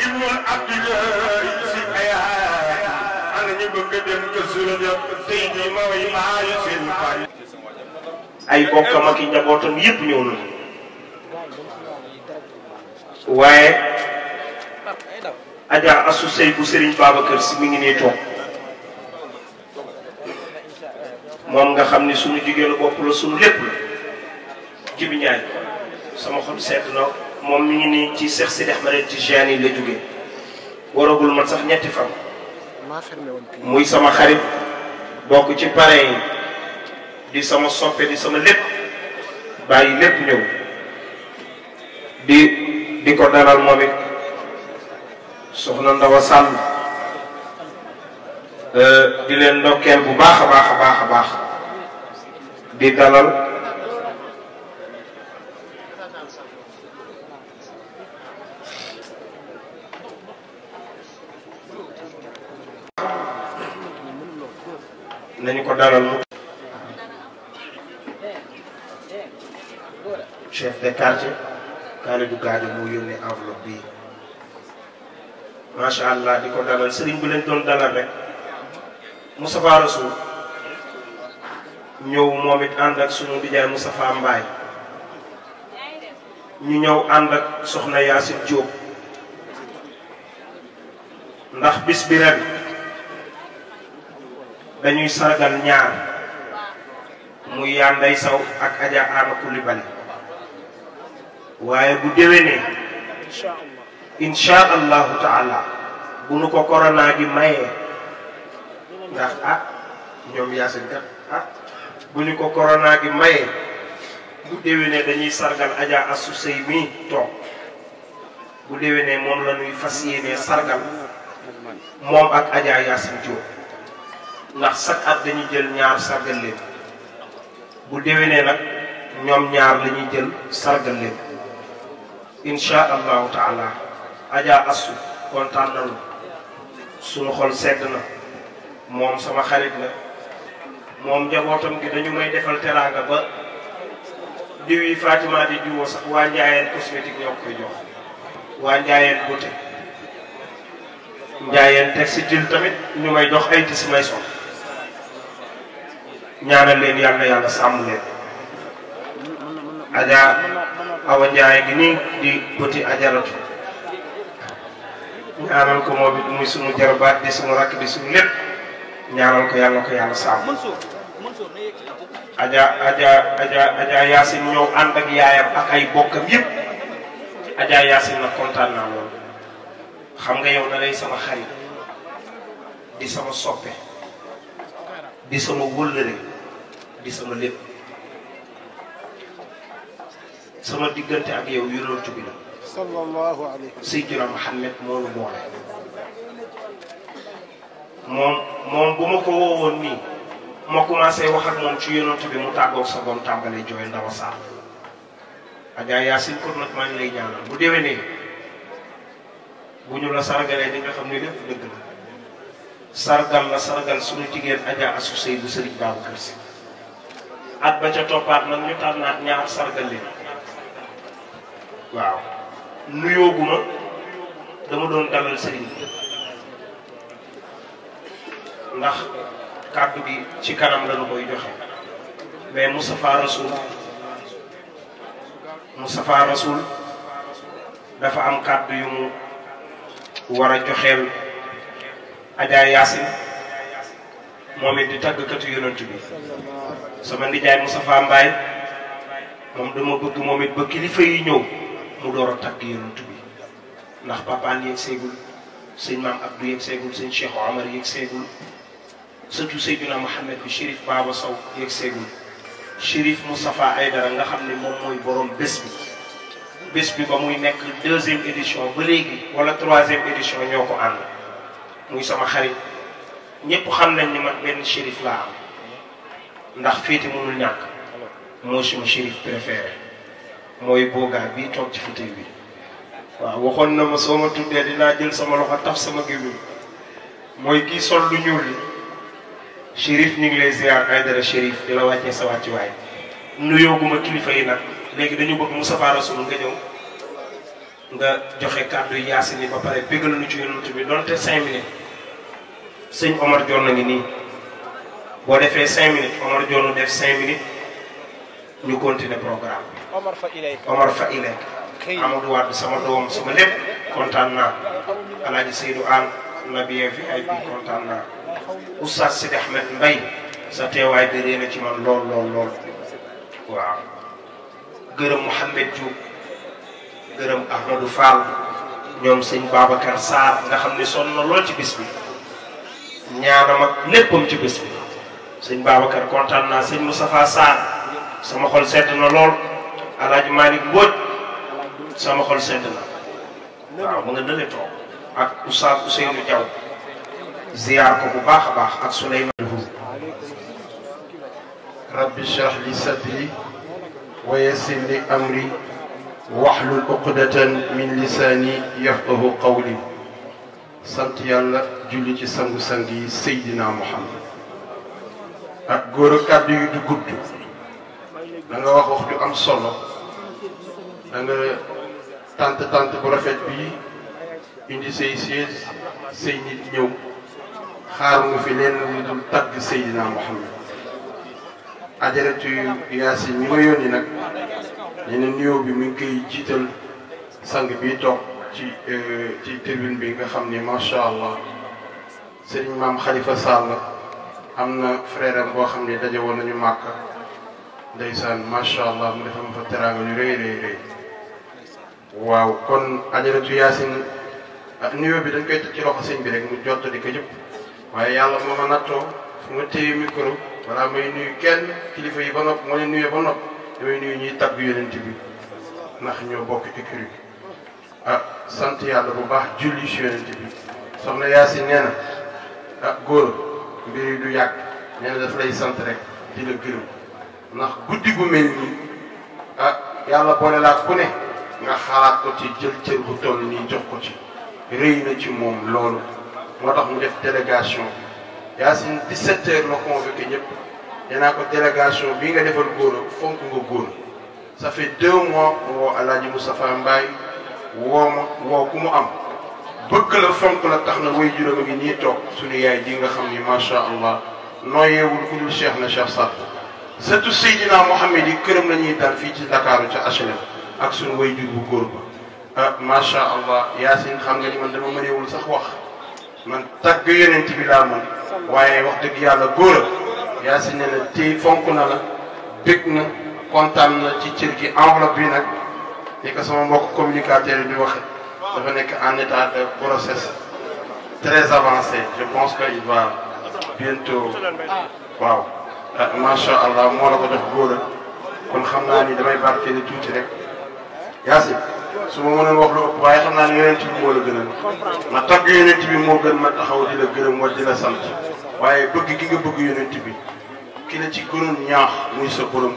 ibnul abdullah si ayaat ana ñu bëgg dem ay bokkam i njabootam yëpp ñëw na waaye Adja Assou Sey bu Serigne Babacar si mi ngi nii toog moom nga xam ni suñu jigéenu bopp la suñu lépp la jibi ñaay sama xol sedd na moom mi ngi nii ci Cheikh ci Ahmed yi la jóge waragul man sax ñetti fan muy sama xarit bokk ci parrain yi di sama soppe di sama lépp bàyyi lépp ñëw di di ko dalal moom it soxna Ndawa Sall euh, di leen ndokkeel bu baax a baax a baax a baax di dalal nañu ko dalal mu chef de quartier Khalidou Gadio moo yónnee enveloppe bii macha allah di ko dalal sëriñ bu leen doon dalal rek Moustapha Rassoul ñëw moom it ànd ak sunu dijaay Moustapha Mbaye ñu ñëw ànd ak soxna Yacine Diop ndax bis bi ren dañuy sargal ñaar muy yaa nday saw ak aja aama kulibali waaye bu déwénee insha allahu taala bu ko corona gi mayee ah, ah, ñu ko corona gi mayee bu déwénee dañuy sargal aja asu mii toog bu déwénee moom la fas yéenee sargal moom ak aja yaasin Jóob ndax chaque at dañuy jël ñaar sargal leen bu déwénee nag ñoom ñaar la ñuy jël sargal leen insha allahu taala ajaa assu kontaan nañu suñu xol sedd na moom sama xarit la moom njabootam gi dañu may defal teraanga ba diw yi Fatima di diwoo sax waa Njaayeen cosmétique ñoo koy jox waa Njaayeen beauté Njaayeen textile tamit ñu may jox ay tissu may sol ñaanal leen yàlla yàlla sàmm leen aja awa gi nii di bëti ajaratu ñaanal ko moom it muy sunu jarbaat di sunu rakk di sunu lépp ñaanal ko yàlla sàmm aja aja aja aja yaasin ñëw ànd ak yaayam ak ay bokkam yépp aja yaasin nag kontaan xam nga yow na lay sama xarit di sama soppe di sama wëllëre di sama lépp sama diggante ak yow yonent bi la. bu ma ko woowoon nii ma commencé wax maa ngi lay ñaanal bu ñu la sargalee nga xam ne la sargal la sargal suñu jigéen Adja Assou Seydou Serigne Babacar Sy. at ba ca toppaat nag ñu tànnaat ñaar sargal leen waaw nuyooguma dama doon dalal sëriñ bi ndax kàddu gi ci kanam la nu koy joxe mais Moustapha Rasoul Moustapha Rasoul dafa am kàddu yu mu war a joxeel Adja Yacine moom it di tàggkatu yonent bi sama nijaay Moustapha Mbaye moom dama bëgg moom it ba kilifa yi ñëw mu door a tàgg yonent bi ndax papaan yeeg seegul sëñ maam Abdou yeeg seegul sëñ Cheikh Omar yeeg seegul surtout Seydina Mouhamed bi Chérif Baba Sow yeeg seegul Chérif ay Aydara nga xam ne moom mooy borom bés bi bés bi ba muy nekk deuxième édition ba léegi wala troisième édition ñoo ko ànd muy sama xarit ñépp xam nañ ni man benn shérif laa am ndax féete mënul ñàkk mooy suma shérif préféré mooy boogaa bii toog ci fauteuil bi waaw waxoon na ma soo ma tuddee dinaa jël sama loxo taf sama gémmiñ mooy kii sol lu ñuul li shérif ñu ngi lay ziar ay dara shérif di la wàccee sa wàccuwaay nuyooguma kilifa yi nag léegi dañu bëgg Moustapha Rasoul nga ñëw nga joxe kàddu yaasin yi ba pare bégal nu ci yonent bi donte cinq minutes sëñ Omar Dior na ngi nii boo defee cinq minutes Omar Dior nu def cinq minutes ñu continuer programme bi fa ilay Amadou Wade sama doom sama lépp kontaan naa Alaaji Seydou Aan na bien fi ay bi kontaan naa Oustaz Sidi Ahmed Mbaye sa teewaay bi réer na ci man lool lool waaw gërëm Mouhamed Diouf gërëm Ahmadou Fall ñoom sëñ Babacar Sarr nga xam ne sonn na lool ci bis ñaanam ak léppam ci bés bi sëñ Babacar kontaan naa sëñ Moustapha Sarr sama xol sedd na lool El Hadj Malick Mbodj sama na waaw mu nga ak Oustaz Ousseynou Diaw ziyaar bu baax a baax ak Souleymane Hou rabbi shrah li sadri wa li amri wahlul uqdatan min lisani yafqahu qawli sant yàlla julli ci sangu-sang yi Seydina Muhammad ak góor ak kàddu yu du gudd da wax wax ju am solo da nga tant bu rafet bi indi say siège nit ñëw xaar nga fi leen lu dul tagg Seydina Muhammad ajaratu Yaasin ñi ma yónni nag ñu ne bi mu ngi jiital sang bii toog ci euh, ci tribune bi nga xam ni macha allah sëñ maam xalifa Sall am na frère boo xam ni daje woon nañu màkk ndeysaan macha allah mu defam fa teraanga ñu rëy rëy rëy waaw kon ajaratu yaasin ah, nuyoo bi dañ koy ci loxo sëñ bi rek mu jot di ko waaye yàlla moo ma nattoo fu ma téye micro balaa may nuyu kenn kilifa yi ba nopp moo leen ba nopp damay nuyu ñuy tagg yonent bi ndax ñoo bokk écurie sant yàlla bu baax julli si yonent bi soxna Yaasin si na ah góor mbir yi du yàgg nee na daf lay sant rek di la gërëm ndax guddi gu mel nii ah yàlla boole laa ku ne nga xalaat ko ci jël cër bu toll nii jox ko ci rëy na ci moom loolu moo tax mu def délégation bi si 17 heures la convoqué ñëpp danaa ko délégation bii nga defal góor fonk nga góor ça fait deux mois mu woo Alaaji Moustapha Mbaye woo ma woo ku mu am bëgg la fonk la tax na way juróom a ngi nii toog suñu yaay ji nga xam ni macha allah nooyeewul ku dul na na cheikh Saad surtout Seydina Mohamed yi këram la ñuy dal fii ci Dakar ca HLM ak suñu way jur bu góor ba ah macha allah yaasin xam nga ni man dama mëneewul sax wax man tagg yonent bi laa moom waaye wax dëgg yàlla góor a yaasin ne na tey fonk na la bég na kontaan na ci cër gi enveloppe bi nag. ni ko sama mbokk communicateur yi ñu waxe dafa nekk en état de process très avancé je pense que il va bientôt waaw ah, allah moo la ko jox góor kon xam naa ni damay barkeeli tuuti rek Yacine su ma mënoon wax lu waaye xam naa ne yonent bi moo la gënal ma tagg yonent bi moo gën ma taxaw di la gërëm wala di la sant waaye bëgg gi nga bëgg yonent bi ki la ci gënoon ñaax muy sa kër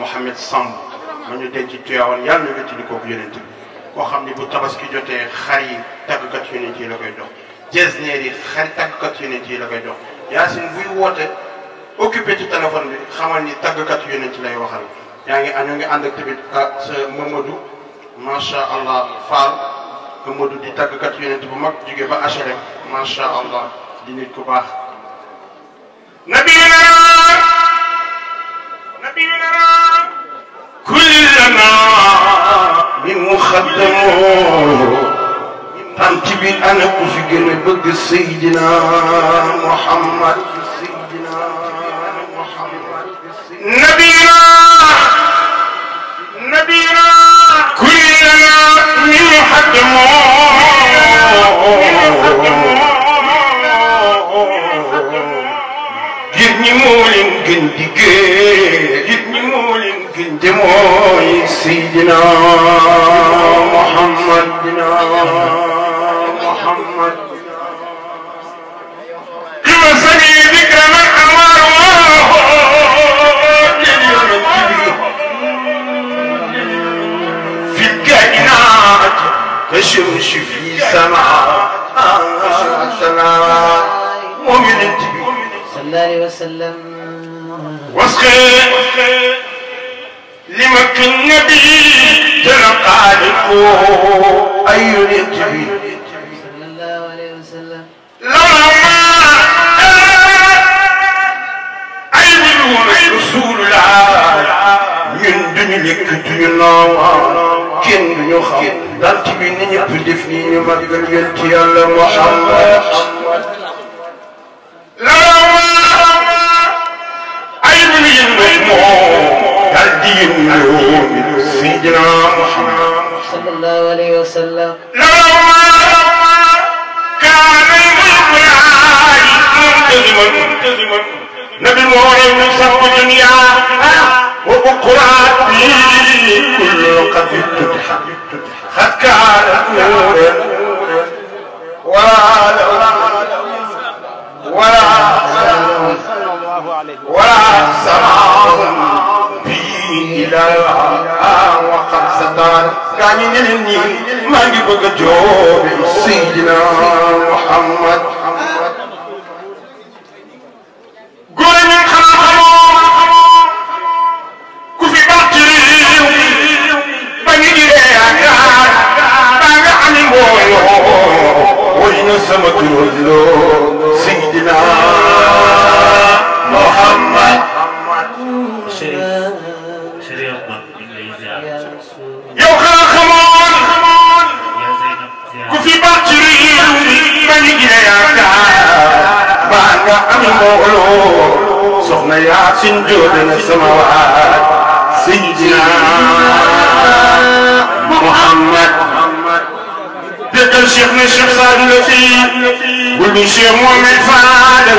Mouhamed Samb ma ñu denc tuyaawoon yàlla na wéttali kooku yonent bi koo xam ne bu tabas ki jotee xar yi tàggkat yonent yi la koy dox jesneer yi xar tàggkat yonent yi la koy dox yaasin buy woote occupé ci téléphone bi xamal ni tàggkat yonent lay waxal yaa ngi ñoo ngi ànd ak tamit ah, sa Mamadou macha allah Fall Mamadou di tàggkat yonent bu mag jóge ba HLM macha allah di nit ku baax. nabi naa bi mu xaddamoo tant bi ana ku fi gën a bëgg Seydina Muhammad nabina nabina kullana mi mu xaddamoo gis ñi moo leen gën di gën gis ñi moo leen gën demoo سيدنا محمد محمد لما سمي ذكرنا أنوار في الكائنات تشمش في سماء سماء مؤمن صلى الله عليه وسلم وسخي لمك النبي تنقالك أي الجبين صلى الله عليه وسلم لما أيمنون رسول الله من دنيك دنيا kenn du ñu xam daal ci biir nit ñëpp def nii ñu màggal yéen ci yàlla Muhammad laama ay mu yëngu moom ينور سيدنا محمد صلى الله عليه وسلم لما كان المولى منتظما نبي مولى يوسف الدنيا وبقرات كل قد تدحى قد كانت نورا وعلى kañ ñeneen ñi maa ngi bëgg a joobe Seydina Muhammad góor ñi xam-xamoo ku fi baax ci réew ba ngi iree yaakaar baa nga ami mbooloo woy na sama turandoo Seydina السماوات سيدنا محمد دقل شيخنا الشيخ صاد اللطيف قلبي شيخ مؤمن فادل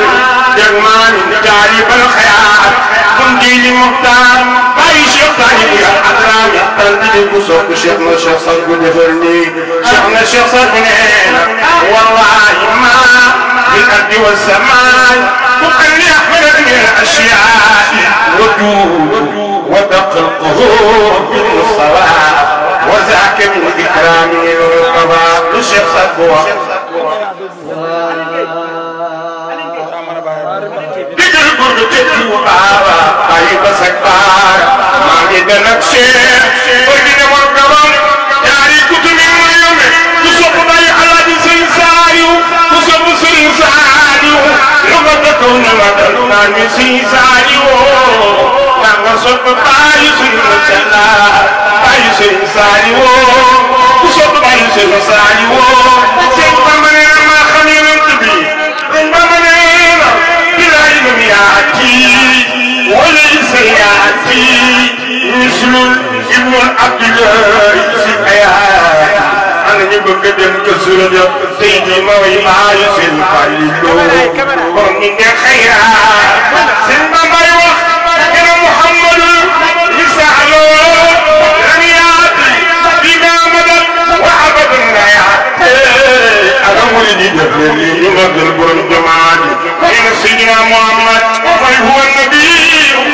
جرمان جاري بالخيار قلبي لمختار باي شيخ ثاني يا حضرام يا قلبي بصوت شيخنا الشيخ صاد قلبي فرني شيخنا الشيخ صاد والله ما في الارض والسماء وقال لي احمد الأشياء ودود ودققه بالصلاة وذاك من إكرام القضاء شخصك دجل برد تتو بارا طيب سكبار ما لدنك شيخ maami siñ saaliwoo nanga sopp baayu siñ sallaa baayu siñ saaliwoo ku sopp baayu siñ saaliwoo siñ ba ma nee na maa xam yonent bi siñ ba ma nee na bilaay ma mi yaati wala yi sa yaati mislul ibnul abdullahi si ayaat قدم كسرد سيدي موي في القلب ومن خير سلم ما يوخ كان محمد يسأله لم يعطي بما مدد وعبد لا يعطي أنا مريد جبريل ينزل برم جماعتي من سيدنا محمد وهو النبي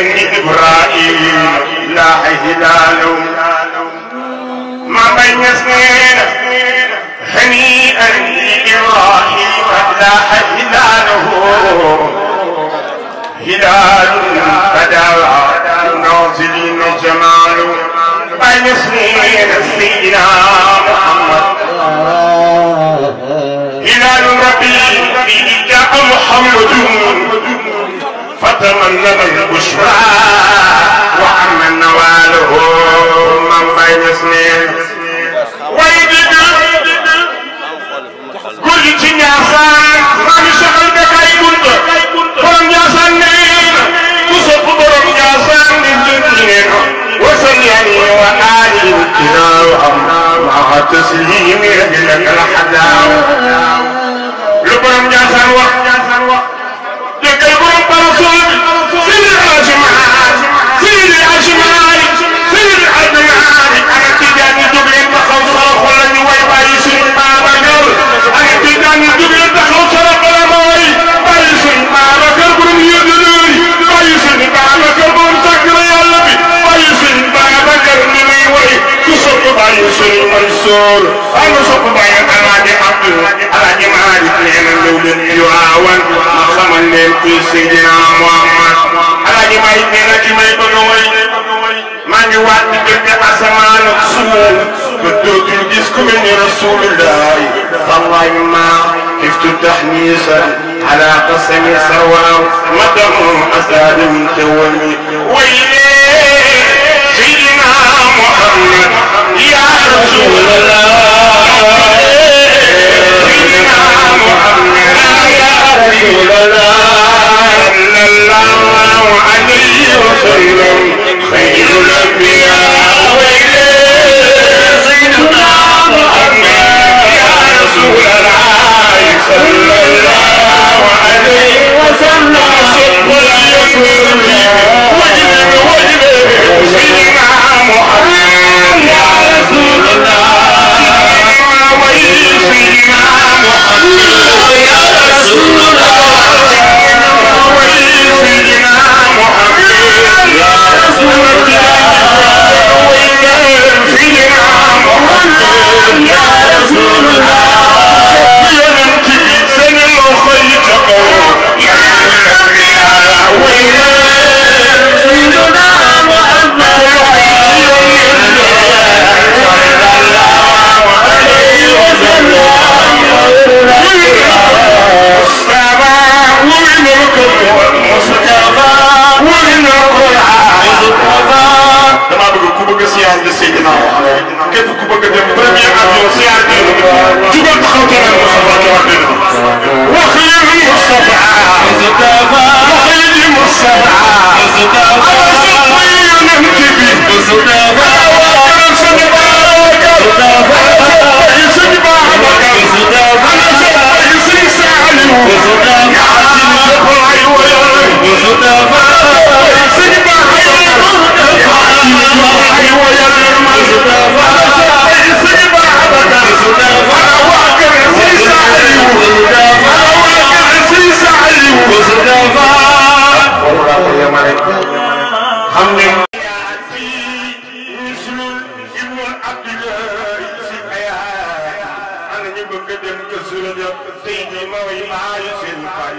ابن إبراهيم لا هلال ما بين سنين هنيئا لإبراهيم لا هلاله هلال فدعا نازلين جمال بين سنين سيدنا محمد هلال ربي جاء محمد فتمنى البشرى وعم نواله الجبل على قسم سواو مدم أساد تومي ويلي سيدنا محمد يا رسول الله سيدنا محمد يا رسول الله صلى الله عليه وسلم خير الأنبياء